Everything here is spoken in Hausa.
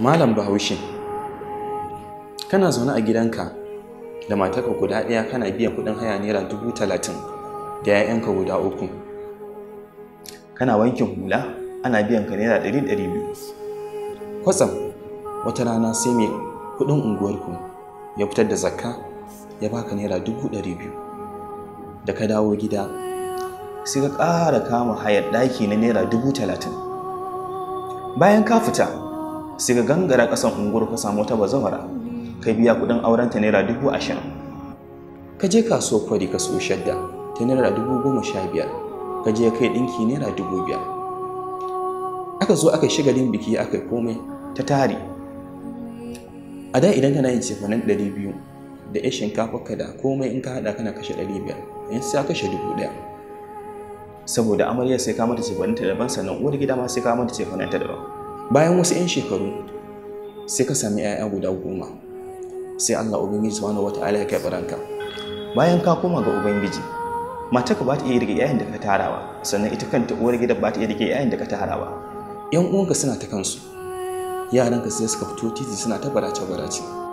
Malam Bahaushe, kana zaune a gidanka da matarka guda ɗaya kana biyan kuɗin haya naira dubu talatin da 'ya'yanka guda uku. Kana wankin hula ana biyan ka naira ɗari ɗari biyu. Kwatsam wata rana sai mai kuɗin unguwarku ya fitar da zakka ya baka naira dubu ɗari biyu. Da ka dawo gida sai ka ƙara kama hayar ɗaki na naira dubu talatin. Bayan ka fita Siga gangara kasan unguwar ka samu wata bazawara ka biya kuɗin auren ta naira dubu ashirin ka je kasuwar kwari ka so shadda ta naira dubu goma sha biyar ka je kai ɗinki naira dubu biyar aka zo aka shiga din biki aka komai ta tari a da idan kana yin cefanen ɗari biyu da ya shinkafa ka da komai in ka haɗa kana kashe ɗari biyar in sai kashe dubu ɗaya saboda amarya sai ka mata ta daban sannan uwar gida ma sai ka mata ta daban bayan wasu 'yan shekaru sai ka sami 'ya'ya guda goma sai allah ubangiji subhanahu wata'ala ya kai ranka bayan ka koma ga ubangiji ka ba ta iya rike 'ya'yan da ka tara ba sannan ita kanta uwar gidan ba ta iya rike 'ya'yan da ka tara ba 'yan uwanka suna ta kansu yaranka sai suka fito titi suna ta barace barace